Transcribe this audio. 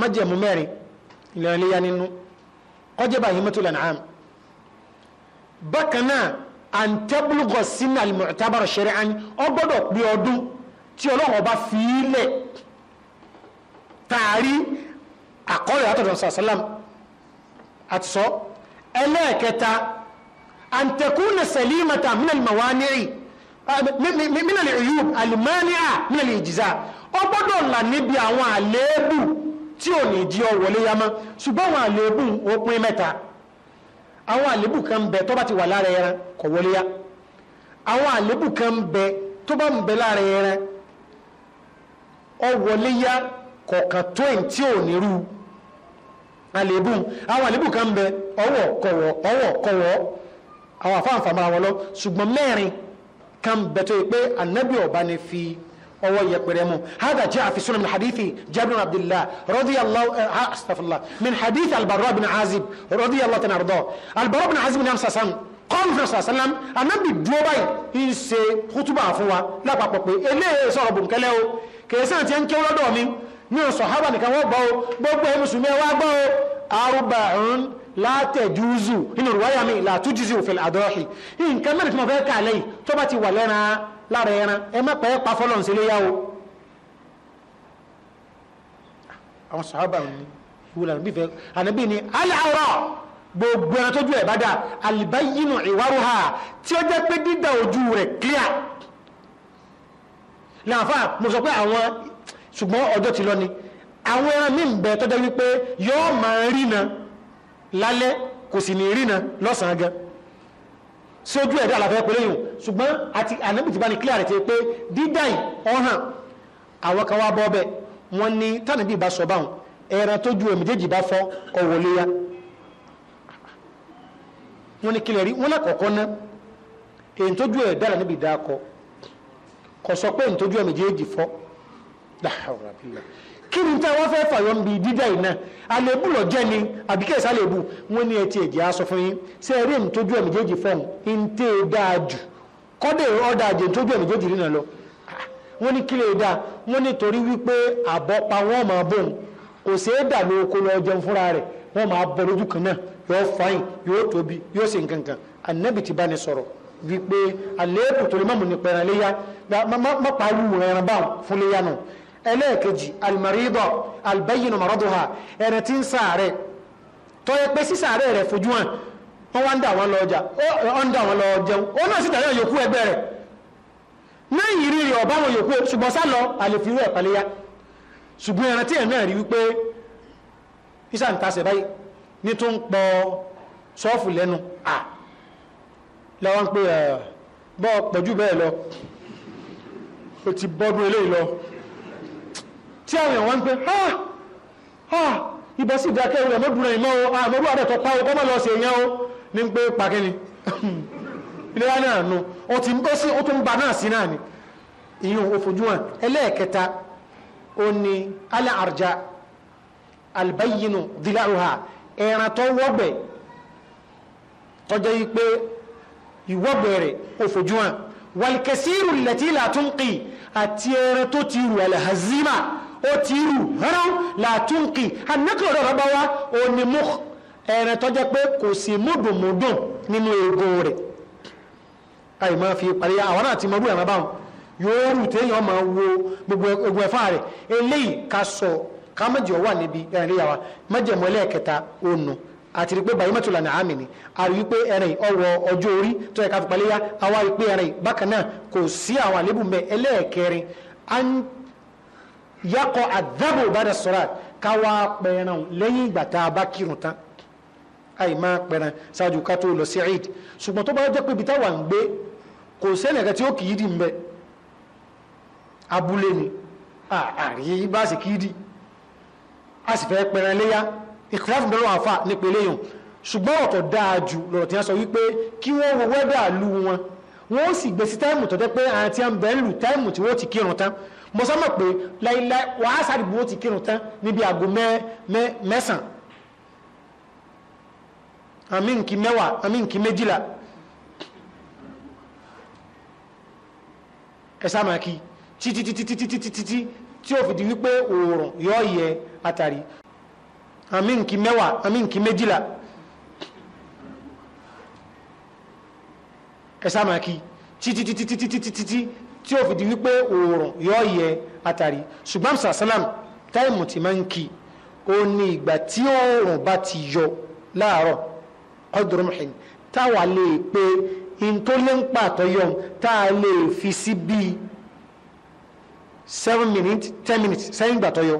májẹ̀mú mẹ́rin ìlànà iléyà nínú ọjọ́ báyìí mọ́tò lànà àm bákan náà àǹtẹ́bùlùgọ̀ sínú àlùmọ̀tàbàrọ̀ ṣẹ̀rẹ̀ àní ọ gbọ́dọ̀ pé ọdún tí ọlọ́run ọba fi í lẹ̀ tààrí àkọ́rẹ̀ látọ̀dọ̀ sàlám àti sọ ẹlẹ́ẹ̀kẹta àǹtẹ̀kùnà sẹ̀límàtà mínà mọ̀wánìí mínà lè yú àlùmọ́nìá mínà lè jìzá ọ là níbi àwọn àléébù tí ò ní jí ọ wọlé mọ́ ṣùgbọ́n àwọn àlébù pín mẹ́ta àwọn àlébù kan ń bẹ tó ti wà lára ẹran kò wọlé yá àwọn àlébù kan ń bẹ tó lára ẹran ọ kọ̀ọ̀kan tó ẹ̀ tí ò ní rú àlébù àwọn àlébù kan ń bẹ ọwọ́ kọ̀wọ́ ọwọ́ kọ̀wọ́ àwọn wọn lọ ṣùgbọ́n mẹ́rin kan ń ọwọ́ yẹpẹrẹ mu hada jẹ́ àfisúnà min hadithi jabir abdullah radiyallahu eh, astaghfirullah min hadithi albarra bin azib radiyallahu tana ardọ́ albarra bin azib nam sasan kọ́nfẹ́ sàsálàm anábì dúró báyìí ń ṣe kútùbà fún wa lápapọ̀ pé eléyè sọ̀rọ̀ bòńkẹ́lẹ́ o kèésàn ti ń kéwọ́ lọ́dọ̀ mi ní oṣù hábà nìkan wọ́n gbọ́ o gbogbo ẹ̀ mùsùlùmí ẹ̀ wá gbọ́ o arba'un látẹ̀júzù nínú ìwáyà mi làtújúzù fil àdọ́ọ̀hì nǹkan mẹ́rin tí mo fẹ́ kà lẹ́yìn tó bá ti wà lẹ́ran lára ẹran ẹ má pẹ́ pa fọlọ́n sí léyà o àwọn sàhábà ní ìwúlò ànábì fẹ́ ànábì ní aláàrọ̀ gbogbo ẹran tójú ẹ̀ bá dà àlìbáyínú ìwárò ha tí ó jẹ́ pé dídà ojú rẹ̀ clear làǹfà mo sọ pé àwọn ṣùgbọ́n ọjọ́ ti lọ ni àwọn ẹran mi ń bẹ tọ́jọ́ wípé yóò máa rí na lálẹ́ kò sì ní rí na lọ́sàn-án gan sí ojú ẹ̀dá àlàfẹ́ pẹ̀lú yìí ṣùgbọ́n àti ànábì ti bá ní clear rẹ̀ ti pé dídáì ọ̀hàn àwọn kan wá bọ́ bẹ́ẹ̀ wọ́n ní tànàbí ìbá sọ báwọn ẹran tó ju èmìjèjì bá fọ́ ọ̀wọ̀ léya wọ́n ní kílẹ̀ rí wọ́n lákọ̀ọ́kọ́ ná èyí tó ju ẹ̀dá ànábì dáa kọ kò sọ pé èyí tó ju èmìjèjì fọ́ kí ni tí wọ́n fẹ́ fàyọ́ níbi dídá iná àlébù lọ ni àbíkẹ́sì àlébù wọ́n ní ẹtì ẹ̀jẹ̀ aṣọ fún yín ṣe eré ìtọ́jú ẹ̀mí jẹ́jì fọ́ọ̀n ń tẹ́ ẹ dáa jù kọ́dẹ̀ lọ wọ́n ní kílẹ̀ dáa wọ́n ní torí wípé àbọ̀pa wọ́n máa bọ̀ kò ṣeé dà ló kó lọ jẹun fúnra rẹ̀ wọ́n fain ẹlẹ́ẹ̀kejì almaridọ albayinu maraduha ẹni tí ń sàárẹ̀ tó yẹ pé sísàárẹ̀ rẹ̀ fojú hàn wọ́n wá ń dà wọ́n lọ ọjà ó ń dà wọ́n lọ jẹun ó náà sì dà náà yòókù ẹgbẹ́ rẹ̀ náà yìí rí rí ọ̀bá wọn yòókù ṣùgbọ́n sá lọ àlèfirú ẹ̀ pàlẹ́yà ṣùgbọ́n ẹran tí ẹ̀ náà rí wípé isa ń tasẹ̀ báyìí ní tó ń pọ sọ́ọ̀fù lẹ́nu à lọ́wọ́n pé bọ́ọ̀ pọ̀jú bẹ́ẹ̀ lọ ó ti bọ́dún eléyìí lọ tí àwọn èèyàn wá ń pẹ́ ha ha ibẹ̀ sì dákẹ́ ìwẹ̀ mọ́dúnrún ìmọ̀ o àmọ́rú àdẹ̀tọ̀ pa o kọ́mọ̀ lọ sí èèyàn o ní ń pé pàkínni ìlera náà nù ó ti ó sì ó tún ba náà sí náà ni ìyún òfojú hàn ẹlẹ́ẹ̀kẹta ó ní alẹ́ àrjà albayinu dilaruha ẹran tó wọ́gbẹ̀ tọ́jọ́ yìí pé ìwọ́gbẹ̀ rẹ̀ òfojú hàn wàlkẹ́sírù lẹ́tí làtúnkì àti ẹran tó ti rù alhazima ó ti rù rán làtúnkì anákì ọ̀rọ̀ rẹ̀ bá wá òní mú ẹ̀rẹ̀ tó jẹ́ pé kò sí múdùmúdùn nínú egun rẹ̀ àyè máa fi parí àwọn náà ti mọ irú ẹ̀rọ báwọn yóò rù téèyàn máa wo gbogbo egun ẹ̀fà rẹ̀ eléyìí ká sọ ká mọ̀jẹ̀ wà níbi ẹ̀rìn yàwá mọ̀jẹ̀mọ́ ẹlẹ́ẹ̀kẹta ònù àti rí pé bàyímọ̀tòlá ní àmì ni a rí pé ẹ̀rìn ọwọ́ ọjọ́ orí tó yẹ ká fi parí yá àwa rí pé ẹ̀rìn bákan náà kò sí àwọn àlébù mẹ́ yakọ̀ àdábò bada sọ́ra káwá pẹ̀ràn lẹ́yìn ìgbà tá a bá kírun tán àì máa pẹ̀ràn ṣáájú ká tó lọ sí eid ṣùgbọ́n tó bá jẹ́ pé ibi táwa ń gbé kò sẹ́nìkan tí ó kì í dì ń bẹ abúlé ni àárí bá sì kì dì a sì fẹ́ pẹ̀ràn léyà ìkìláfù bẹ̀rẹ̀ wà fà nípe léyìn ṣùgbọ́n ọ̀tọ̀ dáa jù lọ́rọ̀ tí wọ́n sọ wípé kí wọ́n wo wẹ́dà lù wọn wọ́n sì gbé sí táìmù tó jẹ́ pé àti àmbẹ̀lù táìmù tí wọ́n ti kírun tán mo sọ́mọ̀ pé láìláì wàá sàdìbò wọ́n ti kírun tán níbi àgọ́ mẹ́sàn àmì nkì mẹ́wàá àmì nkì méjìlá ẹ̀sà máa kí títítítítítítítí tí ó fi di wípé òòrùn yọ yẹ àtàrí àmì nkì mẹ́wàá àmì nkì méjìlá. ẹ̀sàmàkì títítítítítítítí tí ó fi di wípé òòrùn yọ yẹ àtàrí ṣùgbọ́n sàṣálàm táìmù ti máa ń kí ó ní ìgbà tí òòrùn bá ti yọ láàárọ̀ ọdún mọ̀hìn táwa lè pe in tó lé ń pàtó yọ tá a lè fi sí bíi seven minutes ten minutes sẹ́yìn ìgbà tó yọ